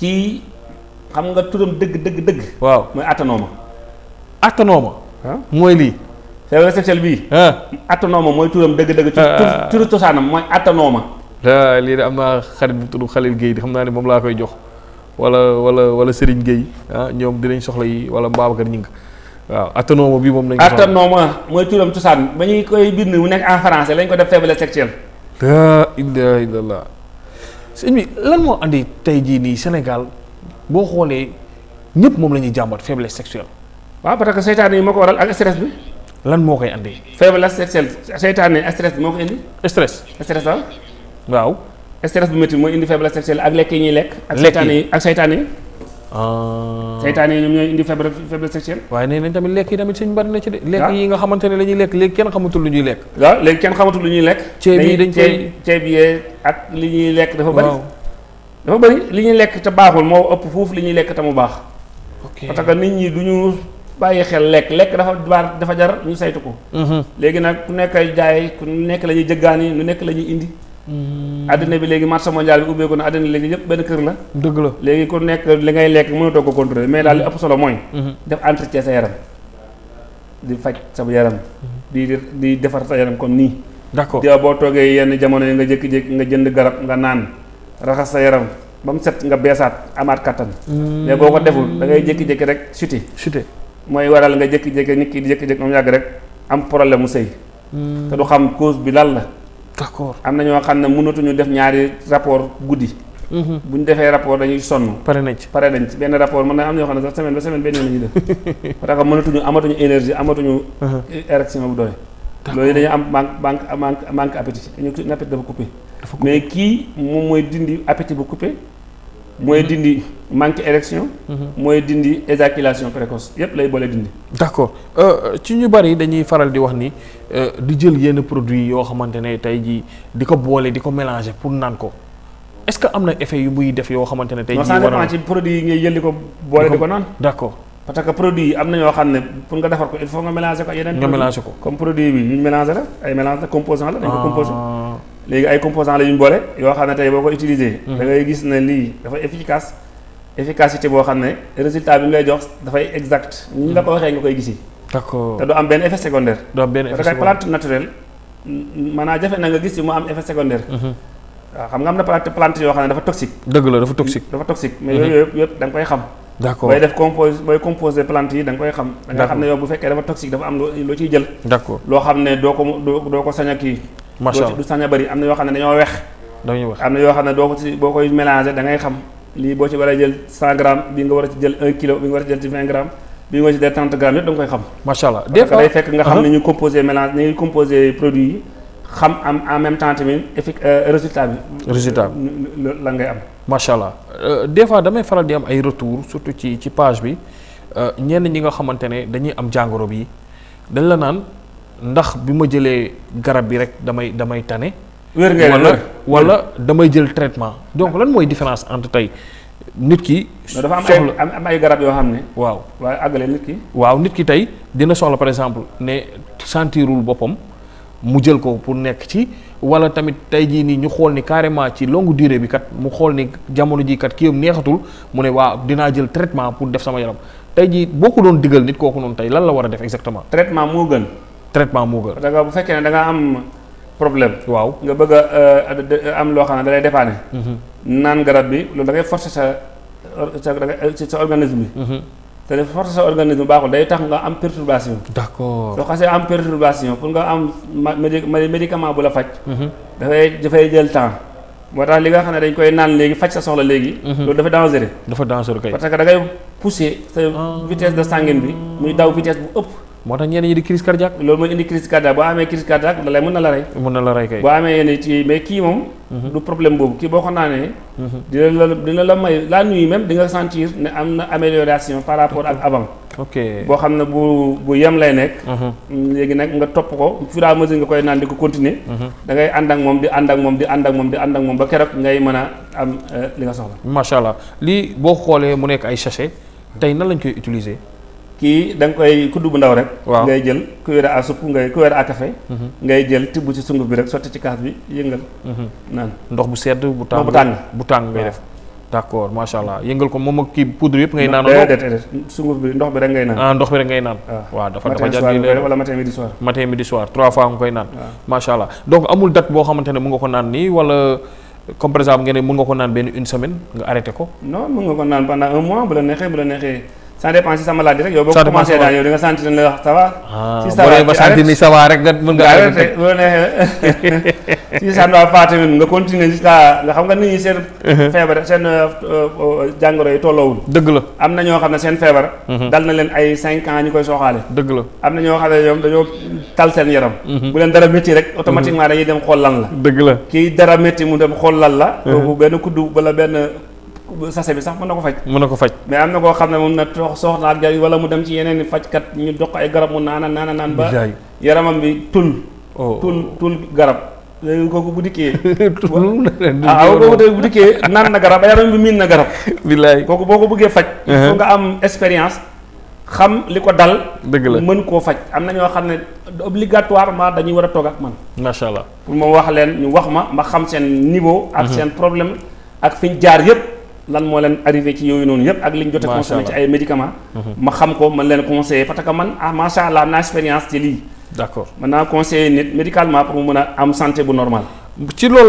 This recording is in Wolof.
ci xam nga turam dëgg dëgg dëgg. waaw mooy atanoma. atanoma. mooy lii. chef réceptionnel bii. atanoma mooy turam dëgg dëgg. ci uh, uh, turu cosaanam mooy atanoma. lii de am naa xarit bu tudd Xalil Guèye di xam naa ne moom laa koy jox wala wala wala Serigne Guèye ah ñoom dinañ soxla yi wala Mbabacar Ñing waaw atanoma bi moom lañ. atanoma mooy turam cosaan ba ñuy koy bind mu nekk en français lañ ko def faiblesse sexuelle. la ilaha illallah. sëñ bi lan moo andi tey jii nii Sénégal boo xoolee ñëpp moom la ñuy jàmbat faiblesse sexuelle. waaw parce que seytaane yi moo ko waral ak stress bi. lan moo koy andi. faiblesse sexuelle seytaane yi stress bi moo indi. stress stress waaw. waaw stress bu métti mooy indi faiblesse sexuelle ak lekk yi ñuy lekk. ak seytaane yi ak seytaane yi. Ah. seytaane yi ñoom ñooy indi faible faiblesse sexuelle waaye nee nañ tamit lekk yi tamit suñ bari na ci de lekk yi nga xamante ne la ñuy lekk léegi kenn xamatul lu ñuy lekk waaw léegi kenn lu ñuy lekk ceeb yi dañ koy ceeb yee ak li ñuy lekk dafa bari dafa bari li ñuy lekk ca baaxul moo ëpp foofu li ñuy lekk tam bu baax parce que nit ñi du ñu bàyyi xel lekk lekk dafa baar dafa jar ñu saytu ko mhm. léegi nag ku nekk ay jaay ku nekk la ñuy jëggaani lu nekk la ñuy indi àddina mm-hmm. bi léegi marché mondial bi ubbeeku na àddina léegi yëpp benn kër la. dëgg la léegi ku nekk li ngay lekk mënatoo ko contrôler mais daal li ëpp solo mooy. Mm-hmm. def entretien sa di faj sa yaram. Mm-hmm. di di defar sa yaram comme nii. d'accord boo toogee yenn jamono yi nga jékki-jékki nga jënd garab nga naan raxas sa yaram ba mu set nga beesaat amaat kattan. mais boo ko deful da ngay jékki rek chuté. chuté mooy waral nga jékki-jékki nit ki di jëkki jékki moom yàgg rek am problème mu sëy. te du xam cause bi lan la. d'accord am na ñoo xam ne mënatuñu def ñaari rapport guddi. Mhm. bu ñu defee rapport dañuy sonn. pare nañ ci pare nañ ci benn rapport mën na am na ñoo xam ne sax semaine ba semaine benn yoon la ñuy def. parce que mënatuñu amatuñu énergie amatuñu. Mhm. érection bu doy. loolu dañu am manque manque manque appétit dañu appétit dafa coupé. mais kii moom mooy dindi appétit bu coupé. mooy mhm. dindi. manque érection. Mhm. mooy dindi éjaculation précoce yépp lay boole dindi. d'accord euh, ci ñu bari dañuy faral di wax ni euh, di jël yenn produits yoo xamante ne ne. tey jii war na di ko boole di ko produit na ñoo xam ne pour nga defar ko il faut nga mélanger ko yeneen. nga mélanger ko comme produit bi ñu mélanger la ah. yoo xam ne tey boo ko utilisé. Mhm. da gis ne lii dafa efficace. efficacité boo xam ne résultat bi mu lay jox dafay exact ñu la ko waxee nga koy gisi d'accord te du am benn effet secondaire. du am benn effet secondaire plante jafe na nga gis ci mu am f secondaire. Mhm. waaw xam nga am na plante plante yoo xam ne dafa toxique. dëgg la dafa toxique. dafa toxique mais mhm. yooyu yëpp yëpp da nga koy xam. d'accord yi da nga koy xam. da nga xam ne yow bu fekkee dafa toxique dafa am loo ciy jël. d'accord loo xam ne doo ko doo ko sañ a kii. macha allah du sañ a am na yoo xam ne dañoo wex. dañoo wex am na yoo xam ne doo ko ci boo koy mélangé da xam. lii boo ci war a jël 100 grammes bi nga war a ci jël 1 kilo bi nga war a ci jël ci 20 grammes bi nga war a jël 30 grammes yëpp da koy xam. macha allah des fois day fekk nga xam uh-huh. ne ñu composé mélange ni ñuy composé xam am en même temps tamit effic euh, résultat bi. résultat bi la ngay am. macha allah euh, des fois damay faral di am ay retour surtout ci ci page bi euh, ñenn ñi nga xamante ne dañuy am jàngoro bi dañ la naan ndax bi ma jëlee garab bi rek damay damay tane. wér ngay wala. wala damay jël traitement donc lan mooy différence entre tey nit ki. dafa am am ay garab yoo xam ne. waaw waaye àggale nit ki. waaw nit ki tey dina soxla par exemple ne sentirul boppam mu jël ko pour nekk ci wala tamit tey jii nii ñu xool ni carrément ci longue dure bi kat mu xool ni jamono ji kat kii am neexatul mu ne waaw dinaa jël traitement pour def sama yaram tey jii boo ko doon digal nit kooku noonu tey lan la war a def exactement. traitement moo gën. problème. waaw nga bëgg a euh, euh, am loo xam ne da lay dépanner. Mhm. naan garab bi loolu da ngay forcer sa sa sa organisme bi. Mhm. te de force sa organisme baaxul day tax nga am perturbation. d'accord soo xasee am perturbation pour nga am médicament bu la faj. Mhm. dafay dafay jël temps moo tax li nga xam ne dañ koy naan léegi faj sa soxla léegi. loolu dafa dangereux. dafa dangereux kay parce que da sa ah. vitesse de sanguine bi muy daw vitesse bu ëpp. moo tax ñenn ñi di crise cardiaque loolu mooy indi crise cardiaque boo amee crise cardiaque da lay mën na la rey mën na la rey kay boo amee yenn ci mais kii moom mhm. du problème boobu kii boo ko naanee mhm. dina la dina la may la nuit même di nga sentir ne am na amélioration par rapport ak avant ok boo xam ne bu bu yam lay nekk mhm. léegi nag nga topp ko fur et à nga koy naan di ko continuer da ngay ànd ak moom di ànd ak moom di ànd ak moom di ànd ak moom ba keroog ngay mën a am euh, li nga soxla macha allah lii boo xoolee mu nekk ay sachet tey nan lañ koy utiliser kii da nga koy kuddu bu ndaw rek. waaw ngay jël cuillère a soupe ngay cuillère a café. Mhm. ngay jël tibb ci sunguf bi rek sotti ci kaas bi yëngal. Mhm. naan ndox bu sedd bu tàng bu tàng bu tàng ngay def. d'accord macha allah yëngal ko moom ak kii poudre yëpp ngay naan déedéet sunguf bi ndox bi rek ngay naan ah, ndox bi rek ngay naan waaw dafa dafa jàpp ni wala matin midi soir matin midi soir trois fois nga koy naan macha donc amul date boo xamante ne nga ko naan nii wala comme par ça dépend si sa maladie rek yow boo commencé daal yow da nga sentir la ça va. si ça va ba sentir ni ça va rek nga mën nga. arrêté si ça ne va pas tamit nga continuer jusqu'à nga xam nga nit ñi seen. feebar seen jàngoro yi tolloowul. dëgg la am na ñoo xam ne seen feebar. Uh-huh. dal na leen ay cinq ans ñu koy sooxaale. dëgg la am na ñoo xam ne ñoom dañoo tal seen yaram. Uh-huh. bu leen dara métti rek. automatiquement dañuy dem xool lan la. dëgg la kii dara métti mu dem la. Uh-huh. kooku benn kuddu wala sachet bi sax mën na ko faj. mën na ko faj mais am na koo xam ne moom na soxla ak wala mu dem ci yeneen i fajkat ñu dox ay garab mu naana naana naan ba yaramam bi tul. Oh. tul tul garab. léegi kooku bu dikkee. ah waaw kooku bu dikkee naan na garab yaram bi miin na garab. billaay kooku boo ko bëggee faj. il uh-huh. nga am expérience. xam li ko dal. dëgg la mën koo faj am na ñoo xam ne obligatoirement dañuy war a toog man. macha allah pour ma wax leen ñu wax ma ma xam seen niveau. ak uh-huh. problème ak fi ñu jaar yëpp. lan moo leen arrivé ci yooyu noonu yëpp ak li ñu jot a ci ay médicaments. Mhm. ma xam ko man leen conseiller parce que man ah macha allah naa expérience ci lii. d' accord naa conseiller nit médicalement pour mu mën a am santé bu normal ci loolu la